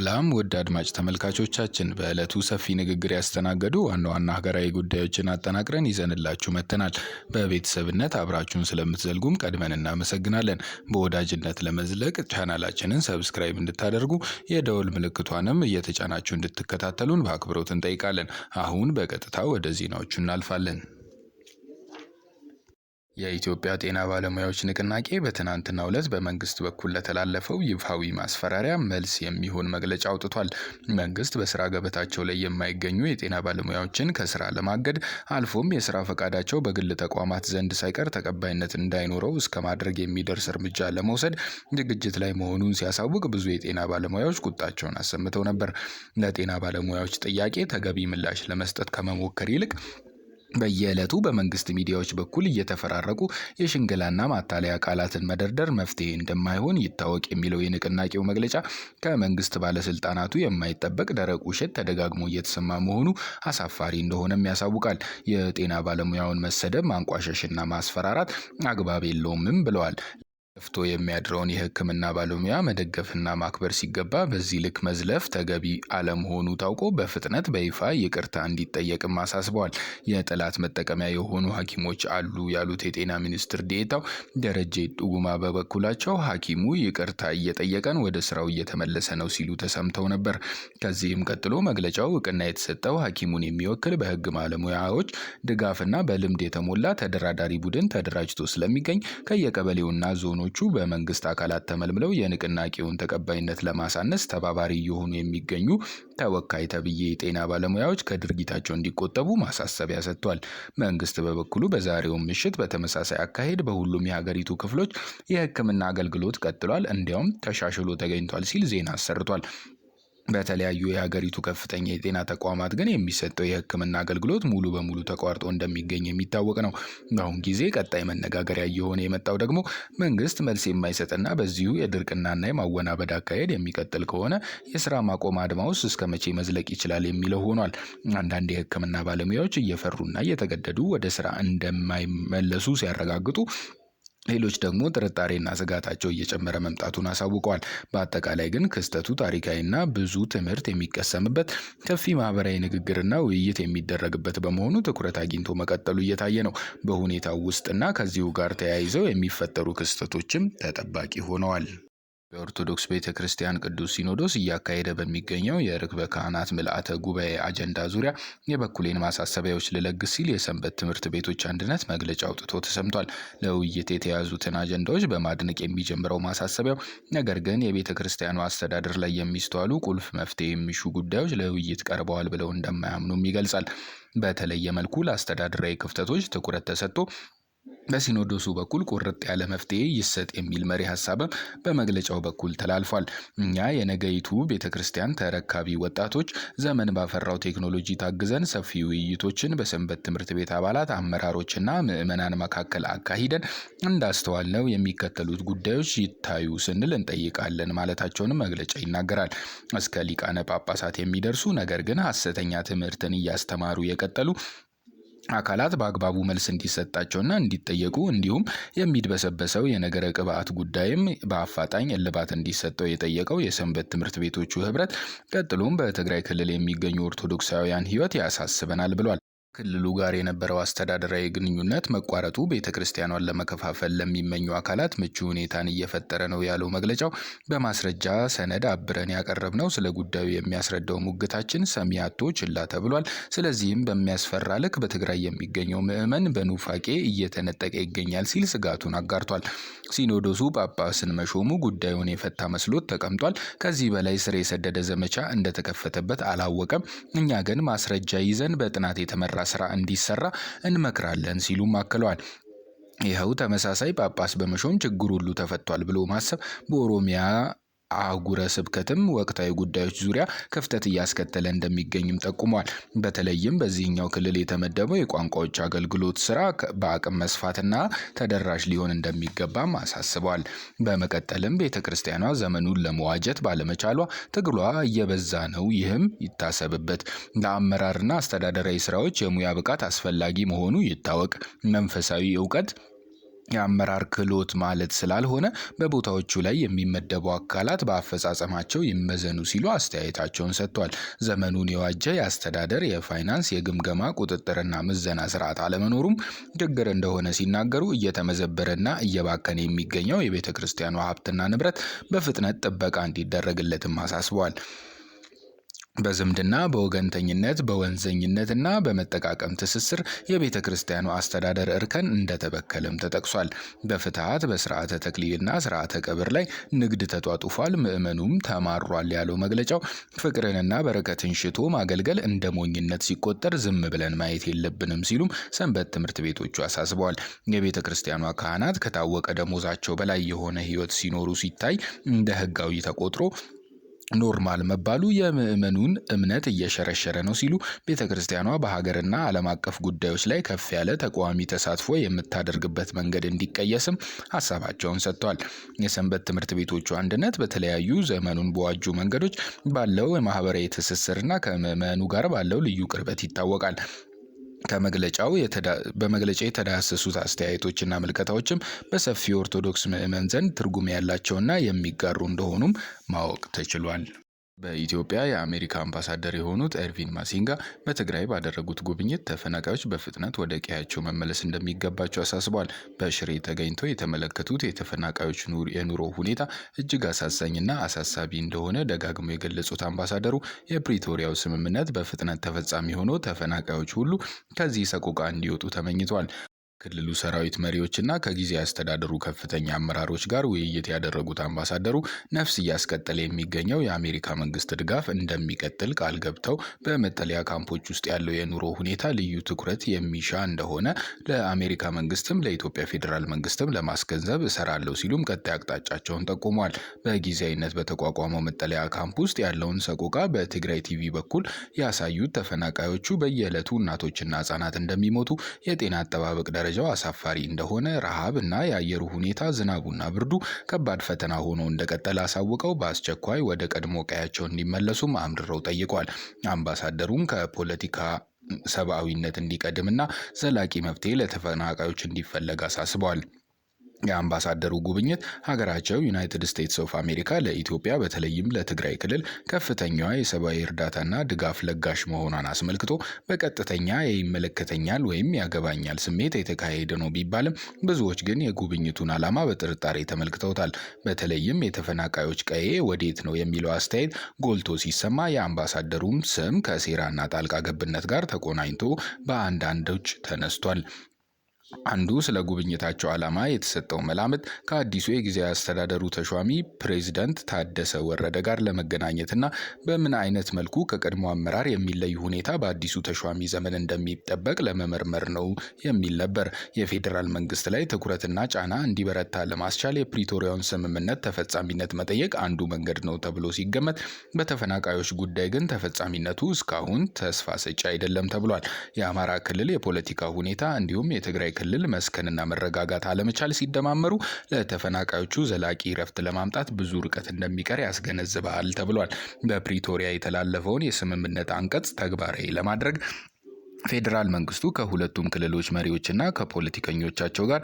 ሰላም ውድ አድማጭ ተመልካቾቻችን፣ በዕለቱ ሰፊ ንግግር ያስተናገዱ ዋና ዋና ሀገራዊ ጉዳዮችን አጠናቅረን ይዘንላችሁ መጥተናል። በቤተሰብነት አብራችሁን ስለምትዘልጉም ቀድመን እናመሰግናለን። በወዳጅነት ለመዝለቅ ቻናላችንን ሰብስክራይብ እንድታደርጉ የደወል ምልክቷንም እየተጫናችሁ እንድትከታተሉን በአክብሮት እንጠይቃለን። አሁን በቀጥታ ወደ ዜናዎቹ እናልፋለን። የኢትዮጵያ ጤና ባለሙያዎች ንቅናቄ በትናንትናው ዕለት በመንግስት በኩል ለተላለፈው ይፋዊ ማስፈራሪያ መልስ የሚሆን መግለጫ አውጥቷል። መንግስት በስራ ገበታቸው ላይ የማይገኙ የጤና ባለሙያዎችን ከስራ ለማገድ አልፎም የስራ ፈቃዳቸው በግል ተቋማት ዘንድ ሳይቀር ተቀባይነት እንዳይኖረው እስከ ማድረግ የሚደርስ እርምጃ ለመውሰድ ዝግጅት ላይ መሆኑን ሲያሳውቅ ብዙ የጤና ባለሙያዎች ቁጣቸውን አሰምተው ነበር። ለጤና ባለሙያዎች ጥያቄ ተገቢ ምላሽ ለመስጠት ከመሞከር ይልቅ በየዕለቱ በመንግስት ሚዲያዎች በኩል እየተፈራረቁ የሽንገላና ማታለያ ቃላትን መደርደር መፍትሄ እንደማይሆን ይታወቅ የሚለው የንቅናቄው መግለጫ ከመንግስት ባለስልጣናቱ የማይጠበቅ ደረቅ ውሸት ተደጋግሞ እየተሰማ መሆኑ አሳፋሪ እንደሆነም ያሳውቃል። የጤና ባለሙያውን መሰደብ፣ ማንቋሸሽና ማስፈራራት አግባብ የለውምም ብለዋል። ለፍቶ የሚያድረውን የሕክምና ባለሙያ መደገፍና ማክበር ሲገባ በዚህ ልክ መዝለፍ ተገቢ አለመሆኑ ታውቆ በፍጥነት በይፋ ይቅርታ እንዲጠየቅም አሳስበዋል። የጠላት መጠቀሚያ የሆኑ ሐኪሞች አሉ ያሉት የጤና ሚኒስትር ዴታው ደረጀ ጡጉማ በበኩላቸው ሐኪሙ ይቅርታ እየጠየቀን ወደ ስራው እየተመለሰ ነው ሲሉ ተሰምተው ነበር። ከዚህም ቀጥሎ መግለጫው እውቅና የተሰጠው ሐኪሙን የሚወክል በሕግ ባለሙያዎች ድጋፍና በልምድ የተሞላ ተደራዳሪ ቡድን ተደራጅቶ ስለሚገኝ ከየቀበሌውና ዞኑ ቡድኖቹ በመንግስት አካላት ተመልምለው የንቅናቄውን ተቀባይነት ለማሳነስ ተባባሪ እየሆኑ የሚገኙ ተወካይ ተብዬ የጤና ባለሙያዎች ከድርጊታቸው እንዲቆጠቡ ማሳሰቢያ ሰጥቷል። መንግስት በበኩሉ በዛሬው ምሽት በተመሳሳይ አካሄድ በሁሉም የሀገሪቱ ክፍሎች የህክምና አገልግሎት ቀጥሏል፣ እንዲያውም ተሻሽሎ ተገኝቷል ሲል ዜና አሰርቷል። በተለያዩ የሀገሪቱ ከፍተኛ የጤና ተቋማት ግን የሚሰጠው የሕክምና አገልግሎት ሙሉ በሙሉ ተቋርጦ እንደሚገኝ የሚታወቅ ነው። በአሁን ጊዜ ቀጣይ መነጋገሪያ እየሆነ የመጣው ደግሞ መንግስት መልስ የማይሰጥና በዚሁ የድርቅናና የማወናበድ አካሄድ የሚቀጥል ከሆነ የስራ ማቆም አድማውስ እስከ መቼ መዝለቅ ይችላል የሚለው ሆኗል። አንዳንድ የሕክምና ባለሙያዎች እየፈሩና እየተገደዱ ወደ ስራ እንደማይመለሱ ሲያረጋግጡ ሌሎች ደግሞ ጥርጣሬና ስጋታቸው እየጨመረ መምጣቱን አሳውቀዋል። በአጠቃላይ ግን ክስተቱ ታሪካዊና ብዙ ትምህርት የሚቀሰምበት ሰፊ ማህበራዊ ንግግርና ውይይት የሚደረግበት በመሆኑ ትኩረት አግኝቶ መቀጠሉ እየታየ ነው። በሁኔታው ውስጥና ከዚሁ ጋር ተያይዘው የሚፈጠሩ ክስተቶችም ተጠባቂ ሆነዋል። በኦርቶዶክስ ቤተ ክርስቲያን ቅዱስ ሲኖዶስ እያካሄደ በሚገኘው የርክበ ካህናት ምልአተ ጉባኤ አጀንዳ ዙሪያ የበኩሌን ማሳሰቢያዎች ልለግስ ሲል የሰንበት ትምህርት ቤቶች አንድነት መግለጫ አውጥቶ ተሰምቷል። ለውይይት የተያዙትን አጀንዳዎች በማድነቅ የሚጀምረው ማሳሰቢያው ነገር ግን የቤተ ክርስቲያኑ አስተዳደር ላይ የሚስተዋሉ ቁልፍ መፍትሄ የሚሹ ጉዳዮች ለውይይት ቀርበዋል ብለው እንደማያምኑም ይገልጻል። በተለየ መልኩ ለአስተዳደራዊ ክፍተቶች ትኩረት ተሰጥቶ በሲኖዶሱ በኩል ቁርጥ ያለ መፍትሄ ይሰጥ የሚል መሪ ሀሳብም በመግለጫው በኩል ተላልፏል። እኛ የነገይቱ ቤተ ክርስቲያን ተረካቢ ወጣቶች ዘመን ባፈራው ቴክኖሎጂ ታግዘን ሰፊ ውይይቶችን በሰንበት ትምህርት ቤት አባላት አመራሮችና ምዕመናን መካከል አካሂደን እንዳስተዋል ነው የሚከተሉት ጉዳዮች ይታዩ ስንል እንጠይቃለን ማለታቸውንም መግለጫ ይናገራል። እስከ ሊቃነ ጳጳሳት የሚደርሱ ነገር ግን ሀሰተኛ ትምህርትን እያስተማሩ የቀጠሉ አካላት በአግባቡ መልስ እንዲሰጣቸውና እንዲጠየቁ እንዲሁም የሚድበሰበሰው የነገረ ቅባት ጉዳይም በአፋጣኝ እልባት እንዲሰጠው የጠየቀው የሰንበት ትምህርት ቤቶቹ ህብረት ቀጥሎም በትግራይ ክልል የሚገኙ ኦርቶዶክሳውያን ህይወት ያሳስበናል ብሏል። ክልሉ ጋር የነበረው አስተዳደራዊ ግንኙነት መቋረጡ ቤተ ክርስቲያኗን ለመከፋፈል ለሚመኙ አካላት ምቹ ሁኔታን እየፈጠረ ነው ያለው መግለጫው፣ በማስረጃ ሰነድ አብረን ነው። ስለ ጉዳዩ የሚያስረዳው ሙግታችን ሰሚ ችላ ተብሏል። ስለዚህም በሚያስፈራ ልክ በትግራይ የሚገኘው ምዕመን በኑፋቄ እየተነጠቀ ይገኛል ሲል ስጋቱን አጋርቷል። ሲኖዶሱ ጳጳስን መሾሙ ጉዳዩን የፈታ መስሎት ተቀምጧል። ከዚህ በላይ ስር የሰደደ ዘመቻ እንደተከፈተበት አላወቀም። እኛ ግን ማስረጃ ይዘን በጥናት የተመራ የሚያኮራ ስራ እንዲሰራ እንመክራለን ሲሉም አክለዋል። ይኸው ተመሳሳይ ጳጳስ በመሾም ችግር ሁሉ ተፈቷል ብሎ ማሰብ በኦሮሚያ አህጉረ ስብከትም ወቅታዊ ጉዳዮች ዙሪያ ክፍተት እያስከተለ እንደሚገኝም ጠቁመዋል። በተለይም በዚህኛው ክልል የተመደበው የቋንቋዎች አገልግሎት ስራ በአቅም መስፋትና ተደራሽ ሊሆን እንደሚገባም አሳስበዋል። በመቀጠልም ቤተ ክርስቲያኗ ዘመኑን ለመዋጀት ባለመቻሏ ትግሏ እየበዛ ነው፣ ይህም ይታሰብበት። ለአመራርና አስተዳደራዊ ስራዎች የሙያ ብቃት አስፈላጊ መሆኑ ይታወቅ። መንፈሳዊ እውቀት የአመራር ክህሎት ማለት ስላልሆነ በቦታዎቹ ላይ የሚመደቡ አካላት በአፈጻጸማቸው ይመዘኑ ሲሉ አስተያየታቸውን ሰጥቷል። ዘመኑን የዋጀ የአስተዳደር፣ የፋይናንስ፣ የግምገማ ቁጥጥርና ምዘና ስርዓት አለመኖሩም ችግር እንደሆነ ሲናገሩ እየተመዘበረና እየባከነ የሚገኘው የቤተ ክርስቲያኗ ሀብትና ንብረት በፍጥነት ጥበቃ እንዲደረግለትም አሳስበዋል። በዝምድና በወገንተኝነት በወንዘኝነትና በመጠቃቀም ትስስር የቤተ ክርስቲያኑ አስተዳደር እርከን እንደተበከለም ተጠቅሷል። በፍትሐት በስርዓተ ተክሊልና ስርዓተ ቀብር ላይ ንግድ ተጧጡፏል፣ ምዕመኑም ተማሯል ያለው መግለጫው ፍቅርንና በረከትን ሽቶ ማገልገል እንደ ሞኝነት ሲቆጠር ዝም ብለን ማየት የለብንም ሲሉም ሰንበት ትምህርት ቤቶቹ አሳስበዋል። የቤተ ክርስቲያኗ ካህናት ከታወቀ ደሞዛቸው በላይ የሆነ ህይወት ሲኖሩ ሲታይ እንደ ህጋዊ ተቆጥሮ ኖርማል መባሉ የምዕመኑን እምነት እየሸረሸረ ነው ሲሉ ቤተ ክርስቲያኗ በሀገርና ዓለም አቀፍ ጉዳዮች ላይ ከፍ ያለ ተቃዋሚ ተሳትፎ የምታደርግበት መንገድ እንዲቀየስም ሀሳባቸውን ሰጥቷል። የሰንበት ትምህርት ቤቶቹ አንድነት በተለያዩ ዘመኑን በዋጁ መንገዶች ባለው የማህበራዊ ትስስርና ከምዕመኑ ጋር ባለው ልዩ ቅርበት ይታወቃል። ከመግለጫው በመግለጫ የተዳሰሱት አስተያየቶችና ምልከታዎችም በሰፊ ኦርቶዶክስ ምዕመን ዘንድ ትርጉም ያላቸውና የሚጋሩ እንደሆኑም ማወቅ ተችሏል። በኢትዮጵያ የአሜሪካ አምባሳደር የሆኑት ኤርቪን ማሲንጋ በትግራይ ባደረጉት ጉብኝት ተፈናቃዮች በፍጥነት ወደ ቀያቸው መመለስ እንደሚገባቸው አሳስበዋል። በሽሬ ተገኝተው የተመለከቱት የተፈናቃዮች የኑሮ ሁኔታ እጅግ አሳዛኝና አሳሳቢ እንደሆነ ደጋግሞ የገለጹት አምባሳደሩ የፕሪቶሪያው ስምምነት በፍጥነት ተፈጻሚ ሆኖ ተፈናቃዮች ሁሉ ከዚህ ሰቆቃ እንዲወጡ ተመኝተዋል። ክልሉ ሰራዊት መሪዎችና ከጊዜ አስተዳደሩ ከፍተኛ አመራሮች ጋር ውይይት ያደረጉት አምባሳደሩ ነፍስ እያስቀጠለ የሚገኘው የአሜሪካ መንግስት ድጋፍ እንደሚቀጥል ቃል ገብተው በመጠለያ ካምፖች ውስጥ ያለው የኑሮ ሁኔታ ልዩ ትኩረት የሚሻ እንደሆነ ለአሜሪካ መንግስትም ለኢትዮጵያ ፌዴራል መንግስትም ለማስገንዘብ እሰራለሁ ሲሉም ቀጣይ አቅጣጫቸውን ጠቁመዋል። በጊዜያዊነት በተቋቋመው መጠለያ ካምፕ ውስጥ ያለውን ሰቆቃ በትግራይ ቲቪ በኩል ያሳዩት ተፈናቃዮቹ በየዕለቱ እናቶችና ህጻናት እንደሚሞቱ የጤና አጠባበቅ ደረጃ ደረጃው አሳፋሪ እንደሆነ ረሃብ እና የአየሩ ሁኔታ ዝናቡና ብርዱ ከባድ ፈተና ሆኖ እንደቀጠለ አሳውቀው በአስቸኳይ ወደ ቀድሞ ቀያቸው እንዲመለሱም አምድረው ጠይቋል። አምባሳደሩም ከፖለቲካ ሰብአዊነት እንዲቀድምና ዘላቂ መፍትሄ ለተፈናቃዮች እንዲፈለግ አሳስበዋል። የአምባሳደሩ ጉብኝት ሀገራቸው ዩናይትድ ስቴትስ ኦፍ አሜሪካ ለኢትዮጵያ በተለይም ለትግራይ ክልል ከፍተኛዋ የሰብአዊ እርዳታና ድጋፍ ለጋሽ መሆኗን አስመልክቶ በቀጥተኛ ይመለከተኛል ወይም ያገባኛል ስሜት የተካሄደ ነው ቢባልም ብዙዎች ግን የጉብኝቱን ዓላማ በጥርጣሬ ተመልክተውታል። በተለይም የተፈናቃዮች ቀዬ ወዴት ነው የሚለው አስተያየት ጎልቶ ሲሰማ የአምባሳደሩም ስም ከሴራና ጣልቃ ገብነት ጋር ተቆናኝቶ በአንዳንዶች ተነስቷል። አንዱ ስለ ጉብኝታቸው ዓላማ የተሰጠው መላምት ከአዲሱ የጊዜያዊ አስተዳደሩ ተሿሚ ፕሬዚደንት ታደሰ ወረደ ጋር ለመገናኘትና በምን አይነት መልኩ ከቀድሞ አመራር የሚለይ ሁኔታ በአዲሱ ተሿሚ ዘመን እንደሚጠበቅ ለመመርመር ነው የሚል ነበር። የፌዴራል መንግስት ላይ ትኩረትና ጫና እንዲበረታ ለማስቻል የፕሪቶሪያውን ስምምነት ተፈጻሚነት መጠየቅ አንዱ መንገድ ነው ተብሎ ሲገመት፣ በተፈናቃዮች ጉዳይ ግን ተፈጻሚነቱ እስካሁን ተስፋ ሰጪ አይደለም ተብሏል። የአማራ ክልል የፖለቲካ ሁኔታ እንዲሁም የትግራይ ክልል መስከንና መረጋጋት አለመቻል ሲደማመሩ ለተፈናቃዮቹ ዘላቂ ረፍት ለማምጣት ብዙ ርቀት እንደሚቀር ያስገነዝባል ተብሏል። በፕሪቶሪያ የተላለፈውን የስምምነት አንቀጽ ተግባራዊ ለማድረግ ፌዴራል መንግስቱ ከሁለቱም ክልሎች መሪዎችና ከፖለቲከኞቻቸው ጋር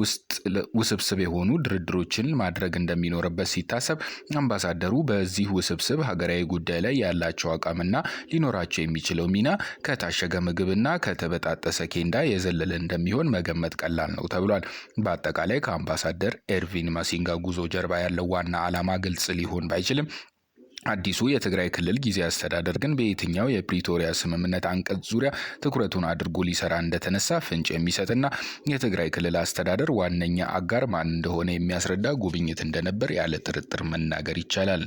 ውስጥ ውስብስብ የሆኑ ድርድሮችን ማድረግ እንደሚኖርበት ሲታሰብ አምባሳደሩ በዚህ ውስብስብ ሀገራዊ ጉዳይ ላይ ያላቸው አቋምና ሊኖራቸው የሚችለው ሚና ከታሸገ ምግብና ከተበጣጠሰ ኬንዳ የዘለለ እንደሚሆን መገመት ቀላል ነው ተብሏል። በአጠቃላይ ከአምባሳደር ኤርቪን ማሲንጋ ጉዞ ጀርባ ያለው ዋና ዓላማ ግልጽ ሊሆን ባይችልም አዲሱ የትግራይ ክልል ጊዜ አስተዳደር ግን በየትኛው የፕሪቶሪያ ስምምነት አንቀጽ ዙሪያ ትኩረቱን አድርጎ ሊሰራ እንደተነሳ ፍንጭ የሚሰጥና የትግራይ ክልል አስተዳደር ዋነኛ አጋር ማን እንደሆነ የሚያስረዳ ጉብኝት እንደነበር ያለ ጥርጥር መናገር ይቻላል።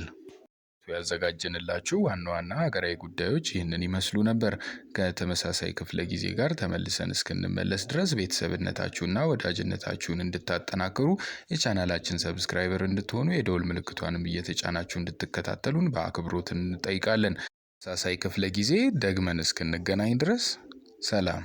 ያዘጋጀንላችሁ ዋና ዋና ሀገራዊ ጉዳዮች ይህንን ይመስሉ ነበር። ከተመሳሳይ ክፍለ ጊዜ ጋር ተመልሰን እስክንመለስ ድረስ ቤተሰብነታችሁና ወዳጅነታችሁን እንድታጠናክሩ የቻናላችን ሰብስክራይበር እንድትሆኑ የደወል ምልክቷንም እየተጫናችሁ እንድትከታተሉን በአክብሮት እንጠይቃለን። ተመሳሳይ ክፍለ ጊዜ ደግመን እስክንገናኝ ድረስ ሰላም።